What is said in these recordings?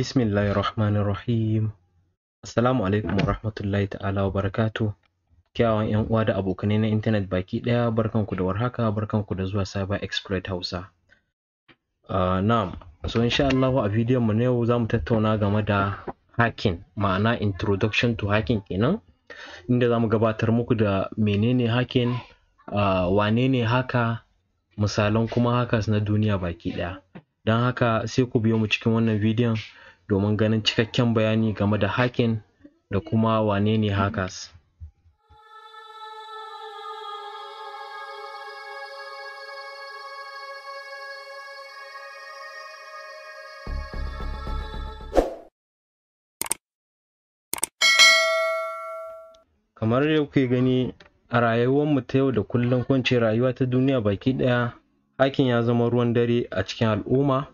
Bismillahirrahmanirrahim. Assalamu alaikum wa rahmatullahi ta'ala wa barakatu. Kyawun ‘yan uwa da abokanai na intanet baki ɗaya barkanku da warhaka barkanku da zuwa Cyber Exploit Hausa. Ah, na'am, so insha Allah a bidiyon mu na yau zamu tattauna game da hacking, ma'ana introduction to hacking kenan. Inda zamu gabatar muku da menene hacking, ah, wane ne haka, misalan kuma hackers na duniya baki ɗaya. Don haka sai ku biyo mu cikin wannan bidiyon domin ganin cikakken bayani game da hacking da kuma wane ne hackers. Kamar yau kuke gani a rayuwarmu ta yau da kullum kwance rayuwa ta duniya baki ɗaya hakin ya zama ruwan dare a cikin al'umma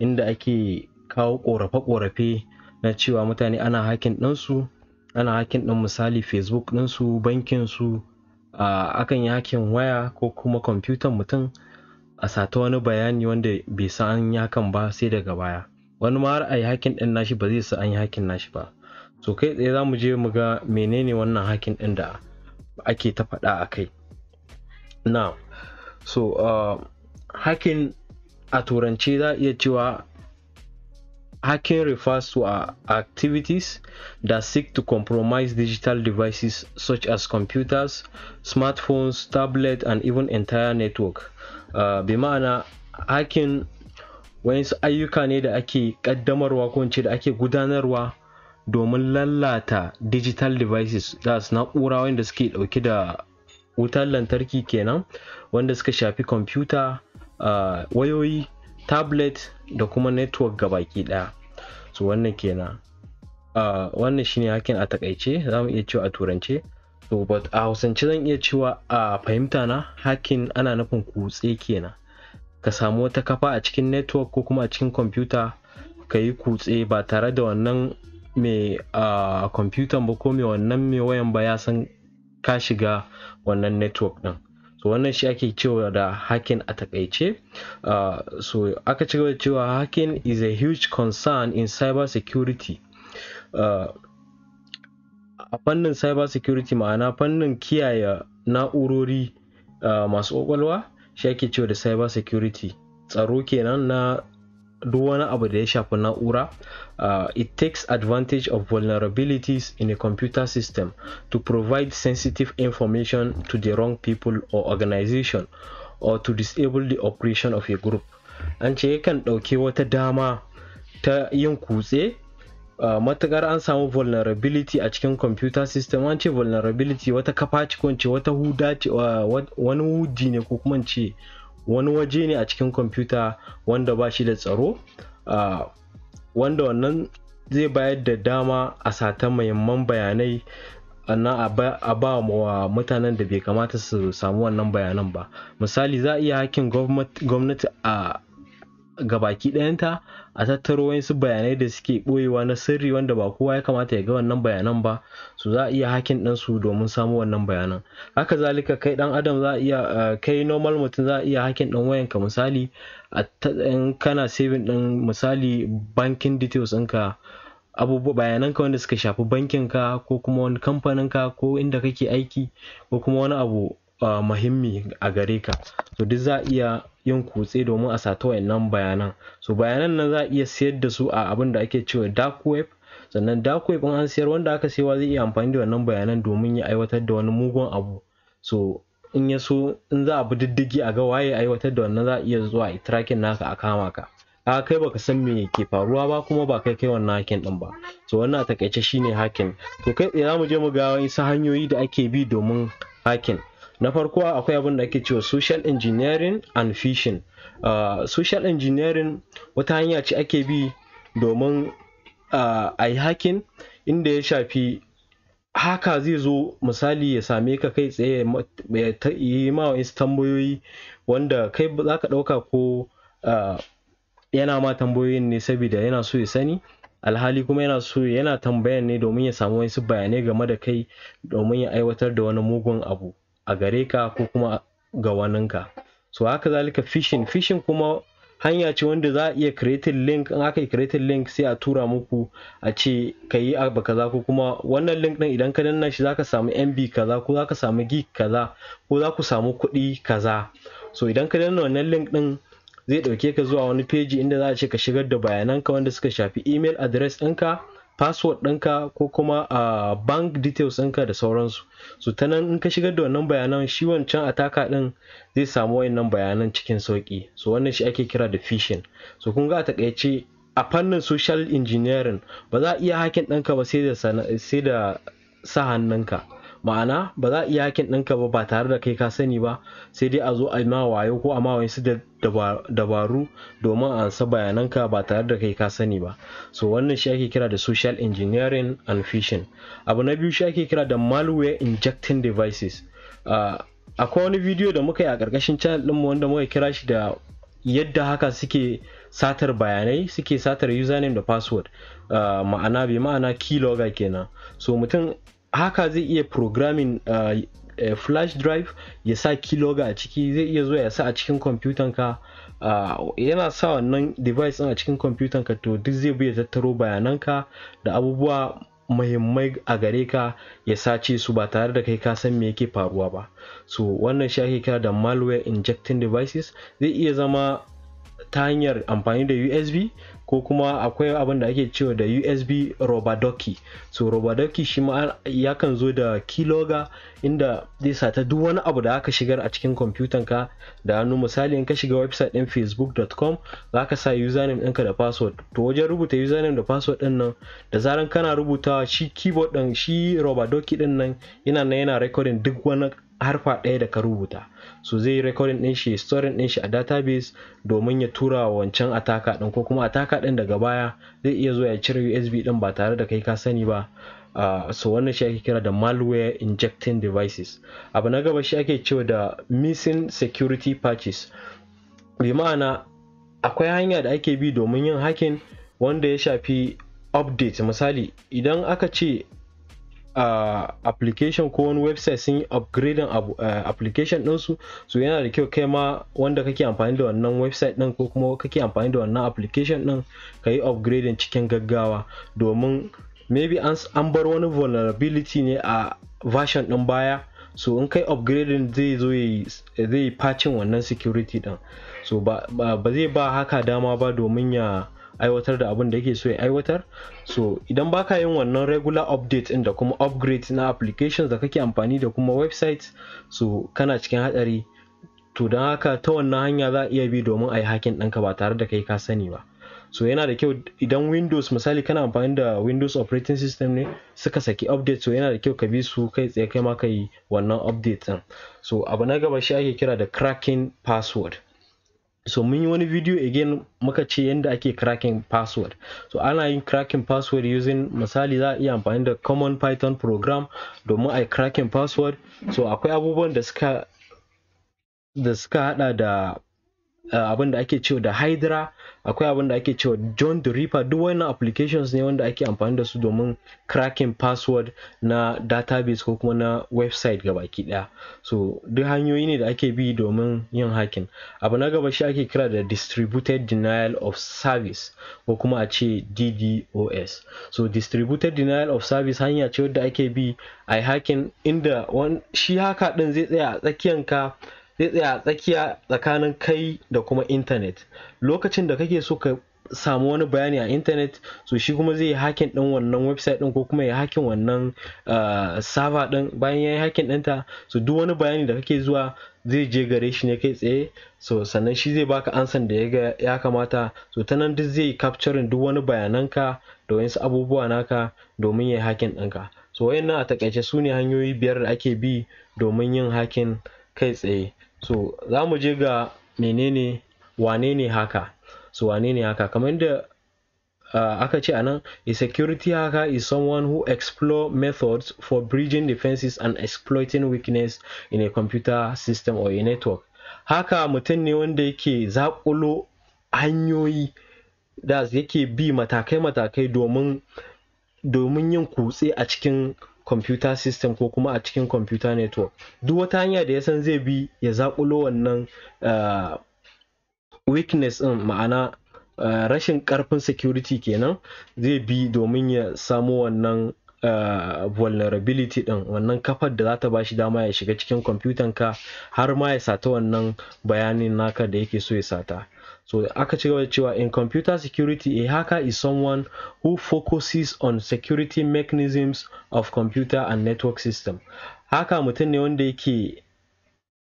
inda ake kawo ƙorafe-ƙorafe na cewa mutane ana hakin ɗinsu ana hakin ɗin misali facebook ɗinsu bankinsu akan yi hakin waya ko kuma kwamfutan mutum a sata wani bayani wanda bai san an yi hakan ba sai daga baya wani ma har a yi hakin ɗin nashi ba zai san an yi hakin nashi ba so kai tsaye za mu je mu ga menene wannan hakin ɗin da ake ta faɗa a kai now so uh, a turance za a iya cewa Hacking refers to activities that seek to compromise digital devices such as computers, smartphones, tablets, and even entire network. Uh, bi ma'ana hacking wayansu ayyuka ne da ake ƙaddamarwa ko da ake gudanarwa domin lalata digital devices das na'ura wanda suke ɗauke da wutar lantarki kenan wanda suka shafi computer uh, wayoyi tablet da kuma network gabaki daya so wannan kenan wannan shine hakin a takaice za mu iya cewa a turance so but a hausance zan iya cewa a fahimta na hakin ana nufin kutse kenan ka samu wata kafa a cikin network ko kuma a cikin kwamfuta ka yi kutse ba tare da wannan mai kwamfutan ba ko mai wannan mai wayan ba ya san ka shiga wannan network din wannan shi ake cewa da hakin a takaice uh, so aka cewa da cewa hacking is a huge concern in cyber security uh, a fannin cyber security ma'ana fannin kiyaye na'urori uh, masu kwakwalwa shi ake cewa da cyber security tsaro kenan na duk wani abu da ya shafi na'ura uh, it takes advantage of vulnerabilities in a computer system to provide sensitive information to the wrong people or organization or to disable the operation of a group an ce yakan ɗauki wata dama ta yin kutse Uh, matukar an samu vulnerability a cikin computer system an ce vulnerability wata kafa ce wata huda uh, wani hudi ne ko kuma ce wani waje ne a cikin kwamfuta wanda ba shi da tsaro wanda wannan zai bayar da dama a sata mahimman bayanai a ba wa mutanen da bai kamata su samu wannan bayanan ba misali za a iya hakin gwamnati a ga ɗayan ɗayanta a tattaro wasu bayanai da suke ɓoyewa na sirri wanda ba kowa ya kamata ya ga wannan bayanan ba su za a iya hakin ɗinsu domin samu wannan bayanan haka zalika kai ɗan adam za a iya eh, kai normal mutum za a iya hakin ɗin wayanka misali in kana saving ɗin misali banking details ɗinka abubuwa bayananka wanda suka shafi bankin ka ko kuma wani kamfanin ka ko inda kake aiki ko kuma wani abu muhimmi a gare ka to duk za a iya yin kutse domin a sata wayannan bayanan so bayanan nan za a iya siyar da su a abin da ake cewa dark web sannan dark web in an siyar wanda aka siyawa zai iya amfani da wannan bayanan domin ya aiwatar da wani mugun abu so in ya so in za a bi diddigi a ga waye aiwatar da wannan za a iya zuwa a tracking naka a kama ka a kai baka san me ke faruwa ba kuma ba kai kai wannan hakin din ba so wannan a takaice shine hakin to kai tsaye za je mu ga wasu hanyoyi da ake bi domin hakin na farko akwai abin da ake cewa social engineering and fishing uh, social engineering wata hanya ce ake bi domin uh, a yi hakin inda ya shafi haka zai zo misali ya same ka kai tsaye ya yi ma wasu tambayoyi wanda kai za ka ɗauka ko ah, yana ma tambayoyin ne saboda yana so ya sani alhali kuma yana so yana tambayan ne domin ya samu wasu bayanai game da kai domin ya aiwatar da wani mugun abu a gare ka ko kuma ga waninka so haka zalika phishing fishin kuma hanya ce wanda za a iya creating link in aka yi creating link sai a tura muku a ce ka yi abu kaza ko kuma wannan link din idan ka danna shi zaka samu MB kaza ko zaka samu gig kaza ko za ku samu kuɗi kaza so idan ka danna wannan link din zai ɗauke ka zuwa wani page inda za a ce ka shigar da bayanan ka wanda suka shafi email address ɗinka password ɗinka ko kuma a bank details ɗinka da sauransu su ta nan in ka shigar da wannan bayanan shi wancan ataka ɗin zai samu wayannan bayanan cikin sauƙi so wannan shi ake kira da phishing so kun ga a takaice a fannin social engineering ba za a iya hakin ɗinka ba sai da sa hannunka ma'ana ba za a iya hakin ɗinka ba ba tare da kai ka sani ba sai dai a zo a ma wayo ko a ma wayansu da dabaru domin a ansa bayananka ba tare da kai ka sani ba so wannan shi ake kira da social engineering and phishing abu na biyu shi ake kira da malware injecting devices akwai wani bidiyo da muka yi a ƙarƙashin channel ɗinmu wanda muka kira shi da yadda haka suke satar bayanai suke satar username da password ma'ana bai ma'ana keylogger kenan so mutum haka zai iya programming Uh, eh, flash drive ya sa kiloga a ciki zai iya zuwa ya sa a cikin kwamfutan ka uh, yana sa wannan device a cikin kwamfutan ka to duk zai ya tattaro bayanan ka da abubuwa muhimmai a gare ka ya sace su ba tare da kai ka san me yake faruwa ba so wannan shi ake kira da malware injecting devices zai iya zama ta hanyar amfani da usb ko kuma akwai abin da ake cewa da usb robadoki so robadoki shi ma ya kan zo da keylogger inda zai sata duk wani abu da aka shigar a cikin kwamfutan ka da hannu misali in ka shiga website din facebook.com za ka sa username ɗinka da password to wajen rubuta username da password ɗin nan da zaran kana rubutawa shi keyboard ɗin shi robadoki ɗin nan yana nan yana recording duk wani harfa ɗaya da ka rubuta so zai recording ɗin shi storing ɗin shi a database domin ya tura wa wancan ataka ɗin ko kuma ataka ɗin daga baya zai iya zuwa ya cire USB ɗin ba tare da kai ka sani ba Uh, so wannan shi ake kira da malware injecting devices abu na gaba shi ake cewa da missing security patches bi ma'ana akwai hanya da ake bi domin yin hacking wanda ya shafi update misali idan aka ce uh, application ko wani website sun yi upgrading uh, application ɗinsu so yana da kyau kai ma wanda kake amfani da wannan website ɗin ko kuma kake amfani da wannan application ɗin ka yi upgrading cikin gaggawa domin maybe an bar wani vulnerability ne a version ɗin baya so in kai upgrading zai zo zai facin wannan security ɗin so ba zai ba haka dama ba domin ya aiwatar da abin da yake so ya aiwatar so idan baka yin wannan regular update da kuma upgrade na applications da kake amfani da kuma websites so kana cikin hatsari to don haka ta wannan hanya za a iya bi domin a yi hakin ɗinka ba tare da kai ka sani ba so yana da kyau idan windows misali kana amfani da windows operating system ne suka saki update so yana da kyau ka bi su kai tsaye kai ma ka yi wannan update din so abu na gaba shi ake kira da cracking password so mun yi wani video again muka ce yadda ake cracking password so ana yin cracking password using misali za a iya amfani da common python program domin ai cracking password so akwai abubuwan da suka da suka hada da Eh, abin da ake cewa da hydra akwai abin da ake cewa john the ripper duk wannan applications ne wanda ake amfani da su domin cracking password na database ko kuma na website gabaki daya so duk hanyoyi ne da ake bi domin yin hacking abu na gaba shi ake kira da distributed denial of service ko kuma a ce ddos so distributed denial of service hanya ce wadda ake bi a hacking inda shi haka din zai tsaya a tsakiyanka zai tsaya a tsakiya tsakanin kai da kuma intanet lokacin da kake so ka samu wani bayani a intanet so shi kuma zai yi hakin din wannan website din ko kuma ya hakin wannan ah, sava din bayan ya yi hakin dinta so duk wani bayani da kake zuwa zai je gare shi ne kai tsaye so sannan shi zai baka ansan da ya ya kamata so ta nan duk zai capturing duk wani bayananka da wasu abubuwa naka domin ya yi hakin ɗinka so wayannan a takaice su ne hanyoyi biyar da ake bi domin yin hakin kai tsaye so za mu je ga menene wane ne haka so wane ne haka kamar yadda uh, aka ce anan a security haka is someone who explore methods for bridging defenses and exploiting weakness in a computer system or a network haka mutum ne wanda yake zakulo hanyoyi da yake bi matakai-matakai domin yin kutse a cikin computer system ko kuma a cikin computer network duk wata hanya da ya san zai bi ya zakulo wannan uh, weakness din ma'ana uh, rashin karfin security kenan zai bi domin ya samo wannan Uh, vulnerability din wannan kafar da za ta bashi dama ya shiga cikin kwamfutanka ka har ma ya sata wannan bayanin naka da yake so ya sata So aka ci gaba cewa in computer security a hacker is someone who focuses on security mechanisms of computer and network system. Haka mutum ne wanda yake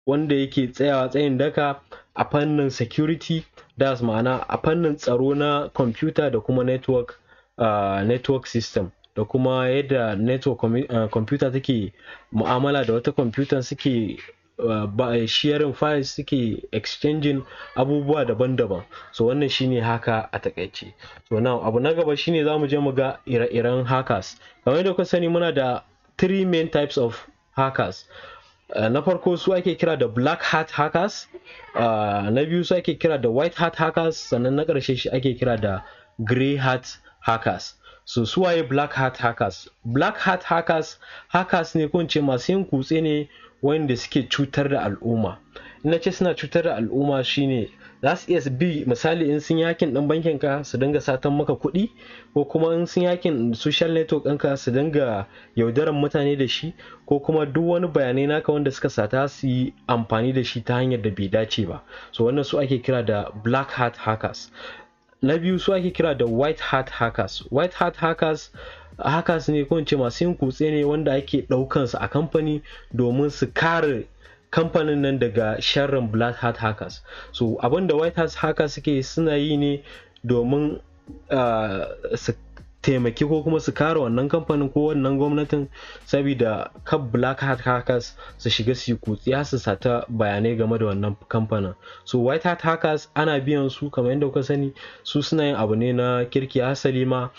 wanda yake tsayawa tsayin daka a fannin security das ma'ana a fannin tsaro na computer da kuma network uh, network system. da kuma yadda network eh, computer take mu'amala da wata computer suke sharing files suke exchanging abubuwa daban-daban so wannan shine haka a takaice so now abu na gaba shine mu je mu ga ire-iren hackers kamar yadda kuka sani muna da three main types of hackers eh, na farko su ake kira da black hat hackers eh, na biyu su ake kira da white hat hackers sannan na karshe shi ake kira da grey hat hackers so su black hat hackers black hat hackers hackers ne kunce masu yin kutse ne wanda suke cutar da al'umma ina ce suna cutar da al'umma shine za su iya bi misali in sun yakin dan bankin ka su dinga satan maka kuɗi ko kuma in sun yakin social network ɗinka su dinga yaudaran mutane da shi ko kuma duk wani bayanai naka wanda suka sata su yi amfani da shi ta hanyar da bai dace ba so wannan su ake kira da black hat hackers na biyu su ake kira da white hat hackers white hat hackers hackers ne ko ce masu yin kutse ne wanda ake ɗaukansu a kamfani domin su kare kamfanin nan daga sharrin black hat hackers so abinda white hat hackers suke suna yi ne domin uh, taimaki ko kuma su kare wannan kamfanin ko wannan gwamnatin saboda kan black hat hackers su shiga su ya su sata bayanai game da wannan kamfanin so white hat hackers ana biyan su kamar yadda kuka sani su suna yin abu ne na kirki hasali ma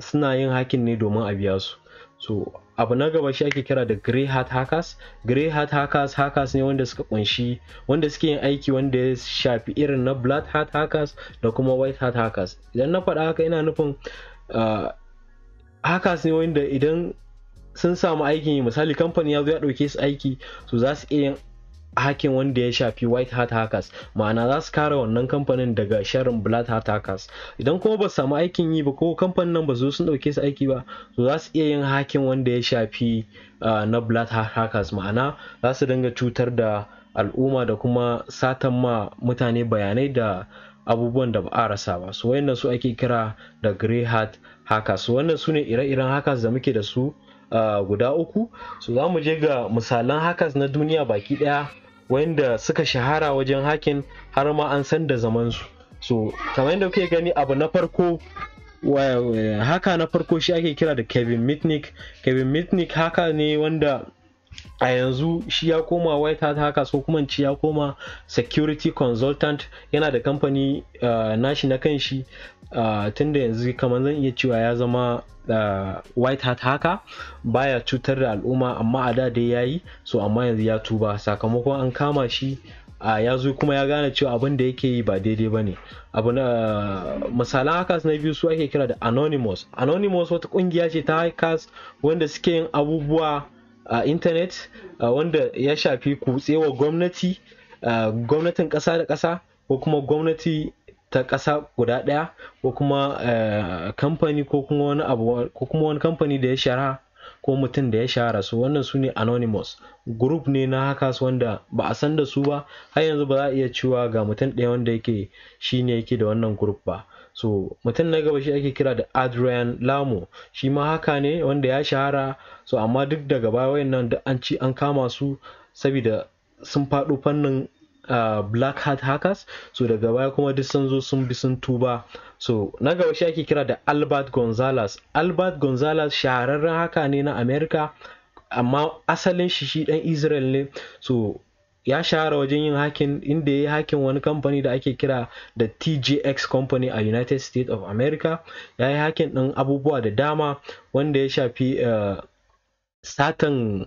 suna yin hakin ne domin a biya su so abu na gaba shi ake kira da grey hat hackers grey hat hackers hackers ne wanda suka kunshi wanda suke yin aiki wanda ya shafi irin na black hat hackers da kuma white hat hackers idan na faɗa haka ina nufin Ah, haka ne wanda idan sun samu aikin yi misali kamfani ya zo ya ɗauke su aiki su za su iya yin hakin wanda ya shafi white hat hackers ma'ana za su kare wannan kamfanin daga sharin black hat hackers idan kuma ba su samu aikin yi ba ko kamfanin nan ba zo sun dauke su aiki ba su za su iya yin hakin wanda ya shafi ah, na black hat hackers ma'ana za su dinga cutar da al'umma da kuma satan ma mutane bayanai da abubuwan da ba rasa ba su wayannan su ake kira da grey hat hackers wannan su ne ire-iren hackers da muke da su guda uku su za mu je ga misalan hackers na duniya baki daya wayanda suka shahara wajen hakin har ma an san da zamansu so kamar yadda kuke gani abu na farko haka na farko shi ake kira da kevin mitnick kevin mitnick haka ne wanda a yanzu shi ya koma white hat haka ko kuma ci ya koma security consultant yana da kamfani uh, nashi na kan shi uh, tunda yanzu kamar zan iya cewa ya zama uh, white hat haka baya cutar da al'umma amma a da dai yayi so amma yanzu ya tuba sakamakon an kama shi a uh, ya zo kuma ya gane cewa abin da yake yi ba daidai ba ne abu na uh, misalan hakas na biyu su ake kira da anonymous anonymous wata kungiya ce ta hackers wanda suke yin abubuwa a intanet wanda ya shafi kutsewa gwamnati gwamnatin ƙasa da ƙasa ko kuma gwamnati ta ƙasa guda ɗaya ko kuma eh, kamfani ko kuma wani kamfani da ya shara ko mutum da ya shahara su wannan su ne anonymous group ne na hackers wanda ba a san da su ba har yanzu ba za a iya cewa ga mutum ɗaya wanda yake shi ne yake da wannan group ba so mutum na gaba shi ake kira da adrian lamo shi ma haka ne wanda ya shahara so amma duk daga baya wayannan duk an ci an kama su saboda sun faɗo fannin uh, black hat hackers so daga baya kuma duk sun zo sun bi sun tuba so na gaba shi ake kira da albert gonzalez albert gonzalez shahararren haka ne na america amma asalin shi shi dan israel ne so ya shahara wajen yin hakin inda ya yi hakin wani kamfani da ake kira da TJX Company a United States of America ya yi hakin din abubuwa da dama wanda ya shafi uh, satan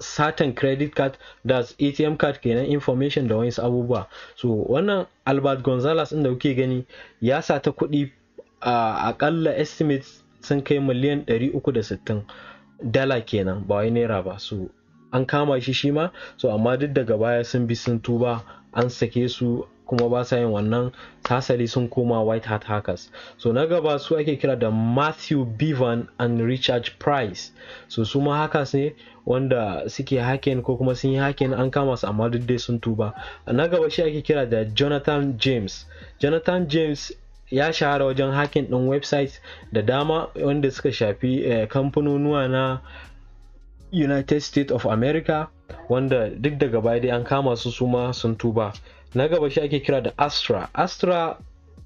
satan credit card da atm card kenan information da wani abubuwa so wannan albert gonzalez inda kuke gani ya sata kudi a akalla estimates sun kai miliyan 360 dala kenan ba wai naira ba so an kama shi shi ma so amma duk daga baya sun bi sun tuba an sake su kuma ba sa yin wannan sasali sun koma white hat hackers so na gaba su ake kira da matthew bevan and richard price so su ma hackers ne wanda suke haken ko kuma sun yi hakin an kama su amma duk dai sun tuba na gaba shi ake kira da jonathan james jonathan james ya shahara wajen hakin ɗin website da dama wanda suka shafi eh, kamfanonuwa na united states of america wanda duk daga baya dai an kama su suma sun tuba na gaba shi ake kira da astra astra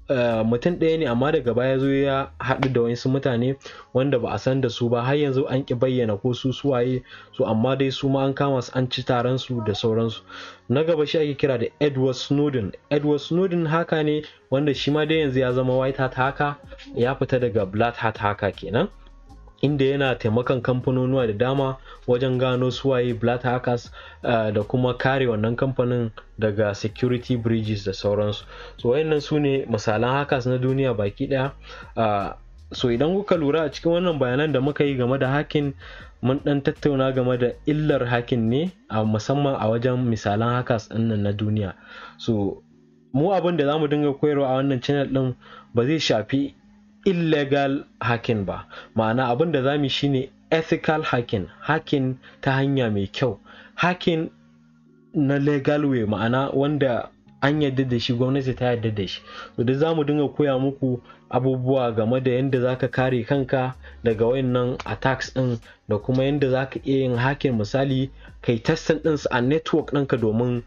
Uh, mutum ɗaya ne amma daga baya zo ya haɗu da wasu mutane wanda ba a san da su ba har yanzu an ki bayyana ko su suwaye su amma dai su ma an kama su an ci taron su da sauransu na gaba shi ake kira da edward snowden edward snowden haka ne wanda shi ma dai yanzu ya zama white hat haka ya fita daga black hat haka kenan inda yana taimakan kamfanonuwa da dama wajen gano suwaye black hackers uh, da kuma kare wannan kamfanin daga security bridges da sauransu so wayannan su ne misalan hackers na duniya baki daya uh, so idan kuka lura a cikin wannan bayanan da muka yi game da hakin mun dan tattauna game da illar hakin ne a musamman a wajen misalan hackers ɗinnan na duniya so mu abin da za mu dinga koyarwa a wannan channel ɗin ba zai shafi illegal hacking ba ma'ana abin da za mu shine ethical hacking hacking ta hanya mai kyau hacking na legal way ma'ana wanda an yarda da shi gwamnati ta yarda da shi to duk za mu dinga koya muku abubuwa game da yadda za ka kare kanka daga wayannan attacks ɗin da kuma yadda za ka iya yin hakin misali kai testin ɗinsu a network ɗinka domin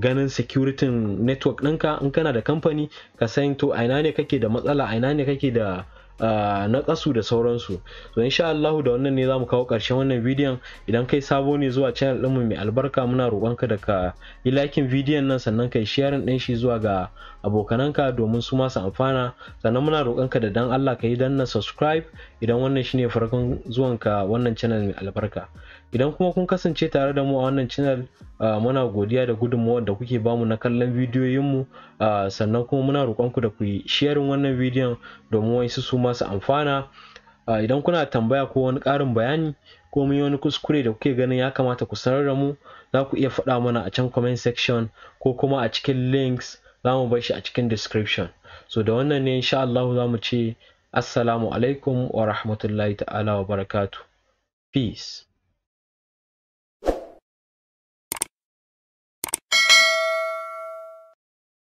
ganin security network ɗinka in kana da kamfani ka san to aina ne kake da matsala aina ne kake da Uh, na ƙasu da sauransu so insha Allahu da wannan ne za mu kawo ƙarshen wannan bidiyon idan kai sabo ne zuwa channel ɗinmu mai albarka muna roƙonka da ka yi likin bidiyon nan sannan kai sharing ɗin shi zuwa ga abokananka domin su masu amfana sannan muna roƙonka da dan Allah ka yi na subscribe idan wannan shine farkon zuwanka wannan channel mai albarka idan kuma kun kasance tare da mu a wannan channel muna godiya da gudunmawar da kuke bamu na kallon bidiyoyinmu sannan kuma muna roƙonku da ku yi sharing wannan bidiyon domin wasu su masu amfana idan kuna tambaya ko wani ƙarin bayani ko mun wani kuskure da kuke ganin ya kamata ku sanar da mu za ku iya faɗa mana a can comment section ko kuma a cikin links za mu bar shi a cikin description so da wannan ne insha Allah za mu ce assalamu alaikum wa rahmatullahi ta'ala wa barakatuh peace